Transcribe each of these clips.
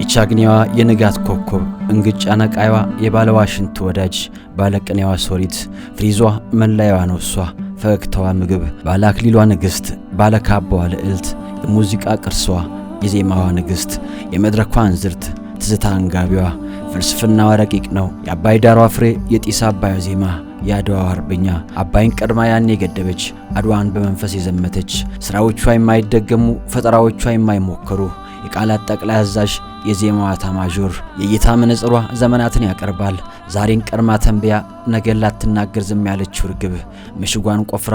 የቻግኔዋ የንጋት ኮከብ እንግጫ ነቃይዋ የባለ ዋሽንት ወዳጅ ባለቅኔዋ ሶሪት ፍሪዟ መላያዋ ነው እሷ ፈገግታዋ ምግብ ባለ አክሊሏ ንግሥት ባለ ካባዋ ልዕልት የሙዚቃ ቅርሷ የዜማዋ ንግሥት የመድረኳ እንዝርት ትዝታ አንጋቢዋ ፍልስፍናዋ ረቂቅ ነው የአባይ ዳሯ ፍሬ የጢስ አባዩ ዜማ የአድዋ አርበኛ አባይን ቀድማ ያኔ የገደበች አድዋን በመንፈስ የዘመተች ስራዎቿ የማይደገሙ ፈጠራዎቿ የማይሞከሩ ቃላት ጠቅላይ አዛዥ፣ የዜማዋ ታማዦር የእይታ መነጽሯ ዘመናትን ያቀርባል። ዛሬን ቀድማ ተንብያ ነገን ላትናገር ዝም ያለችው ርግብ ምሽጓን ቆፍራ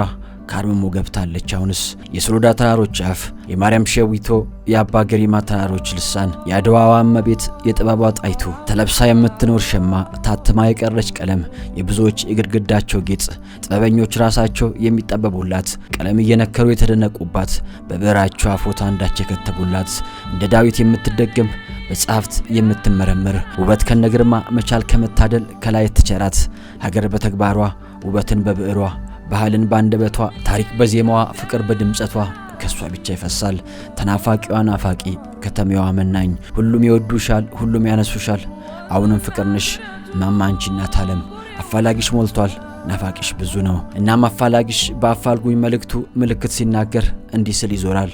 ካርምሞ ገብታለች። አሁንስ የሶሎዳ ተራሮች አፍ፣ የማርያም ሸዊቶ፣ የአባ ገሪማ ተራሮች ልሳን፣ የአድዋዋ እመቤት፣ የጥበቧ ጣይቱ ተለብሳ የምትኖር ሸማ፣ ታትማ የቀረች ቀለም፣ የብዙዎች የግድግዳቸው ጌጥ፣ ጥበበኞች ራሳቸው የሚጠበቡላት ቀለም እየነከሩ የተደነቁባት፣ በብዕራቸው አፎታ አንዳች የከተቡላት እንደ ዳዊት የምትደገም መጽሐፍት የምትመረምር ውበት ከነግርማ መቻል ከመታደል ከላይ ትቸራት ሀገር በተግባሯ ውበትን በብዕሯ ባህልን ባንደበቷ፣ ታሪክ በዜማዋ፣ ፍቅር በድምጸቷ ከሷ ብቻ ይፈሳል። ተናፋቂዋ ናፋቂ፣ ከተማዋ መናኝ፣ ሁሉም ይወዱሻል፣ ሁሉም ያነሱሻል። አሁንም ፍቅርንሽ ነሽ ማማ አንቺ እናት ዓለም አፋላጊሽ ሞልቷል። ናፋቂሽ ብዙ ነው። እናም አፋላጊሽ በአፋልጉኝ መልእክቱ ምልክት ሲናገር እንዲህ ስል ይዞራል።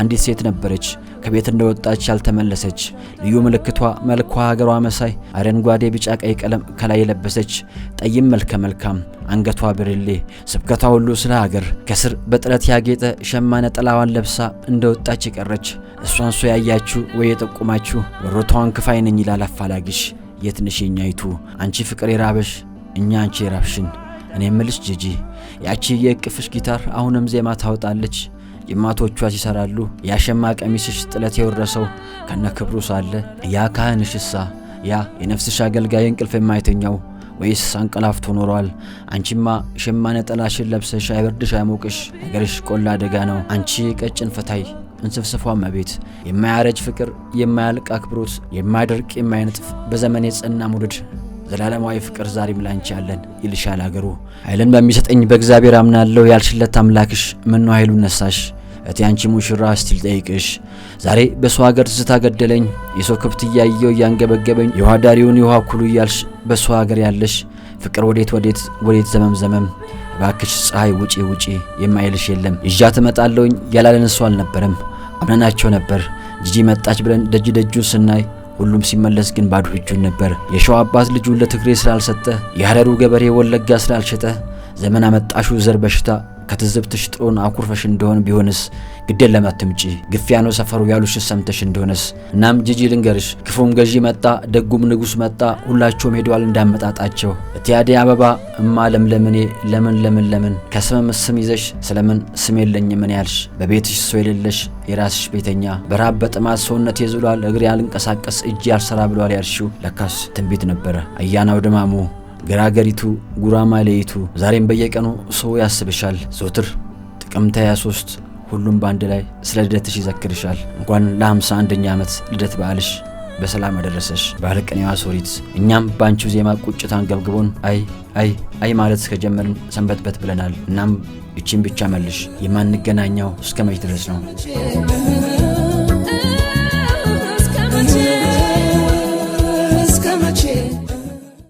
አንዲት ሴት ነበረች ከቤት እንደወጣች ያልተመለሰች፣ ልዩ ምልክቷ መልኳ ሀገሯ መሳይ አረንጓዴ፣ ቢጫ፣ ቀይ ቀለም ከላይ የለበሰች ጠይም መልከ መልካም አንገቷ ብርሌ ስብከቷ ሁሉ ስለ ሀገር ከስር በጥለት ያጌጠ ሸማ ነጠላዋን ለብሳ እንደወጣች የቀረች እሷን ሶ ያያችሁ ወይ የጠቁማችሁ ወሮታዋን ክፋይ ነኝ ይላል አፋላጊሽ የትንሽኛይቱ አንቺ ፍቅር የራበሽ እኛ አንቺ የራብሽን እኔ እምልሽ ጂጂ፣ ያቺ የእቅፍሽ ጊታር አሁንም ዜማ ታወጣለች። ጅማቶቿ ይሰራሉ። ያሸማ ቀሚስሽ ጥለት የወረሰው ከነ ክብሩ ሳለ ያ ካህንሽሳ፣ ያ የነፍስሽ አገልጋይ እንቅልፍ የማይተኛው ወይስ አንቀላፍቶ ኖሯል? አንቺማ ሽማ ነጠላሽን ለብሰሽ አይበርድሽ አይሞቅሽ፣ ነገርሽ ቆላ አደጋ ነው። አንቺ ቀጭን ፈታይ እንስፍስፏ መቤት፣ የማያረጅ ፍቅር፣ የማያልቅ አክብሮት፣ የማይደርቅ የማይነጥፍ በዘመን የጸና ሙድድ ዘላለማዊ ፍቅር ዛሬም ላንቺ ያለን ይልሻል አገሩ። ኃይልን በሚሰጠኝ በእግዚአብሔር አምናለሁ ያልሽለት አምላክሽ ምነው ኃይሉን ነሳሽ እቴ አንቺ ሙሽራ ስቲል ጠይቅሽ ዛሬ በሰው ሀገር ትዝታ ገደለኝ የሰው ከብት እያየው እያንገበገበኝ የውሃ ዳሪውን የውሃ ኩሉ እያልሽ በሰው ሀገር ያለሽ ፍቅር ወዴት ወዴት ወዴት ዘመም ዘመም እባክሽ ፀሐይ ውጪ ውጪ የማይልሽ የለም ይዣ ትመጣለውኝ ያላለን ሰው አልነበረም አምነናቸው ነበር ጂጂ መጣች ብለን ደጅ ደጁን ስናይ ሁሉም ሲመለስ ግን ባዶ እጁን ነበር። የሸዋ አባት ልጁን ለትግሬ ስላልሰጠ፣ የሀረሩ ገበሬ ወለጋ ስላልሸጠ ዘመን አመጣሹ ዘር በሽታ ከትዝብትሽ ጥሩን አኩርፈሽ እንደሆን ቢሆንስ ግዴን ለማትምጪ ግፊያ ነው ሰፈሩ ያሉሽ ሰምተሽ እንደሆነስ። እናም ጂጂ ልንገርሽ፣ ክፉም ገዢ መጣ፣ ደጉም ንጉሥ መጣ፣ ሁላቸውም ሄደዋል እንዳመጣጣቸው። እትያዴ አበባ እማ ለምለምኔ ለምን ለምን ለምን ከስምም ስም ይዘሽ ስለምን ስም የለኝ ምን ያልሽ በቤትሽ ሰው የሌለሽ የራስሽ ቤተኛ በራብ በጥማት ሰውነት የዝሏል እግሬ ያልንቀሳቀስ እጅ ያልሰራ ብሏል ያልሽው ለካስ ትንቢት ነበረ። አያናው ድማሙ ገራገሪቱ ጉራማሌይቱ ዛሬም በየቀኑ ሰው ያስብሻል። ዘውትር ጥቅምት 23 ሁሉም በአንድ ላይ ስለ ልደትሽ ይዘክርሻል። እንኳን ለ51ኛ ዓመት ልደት በዓልሽ በሰላም አደረሰሽ ባለ ሶሪት። እኛም በአንቺው ዜማ ቁጭታን ገብግቦን አይ አይ አይ ማለት እስከጀመርን ሰንበትበት ብለናል። እናም ይቺን ብቻ መልሽ፣ የማንገናኘው እስከ መች ድረስ ነው?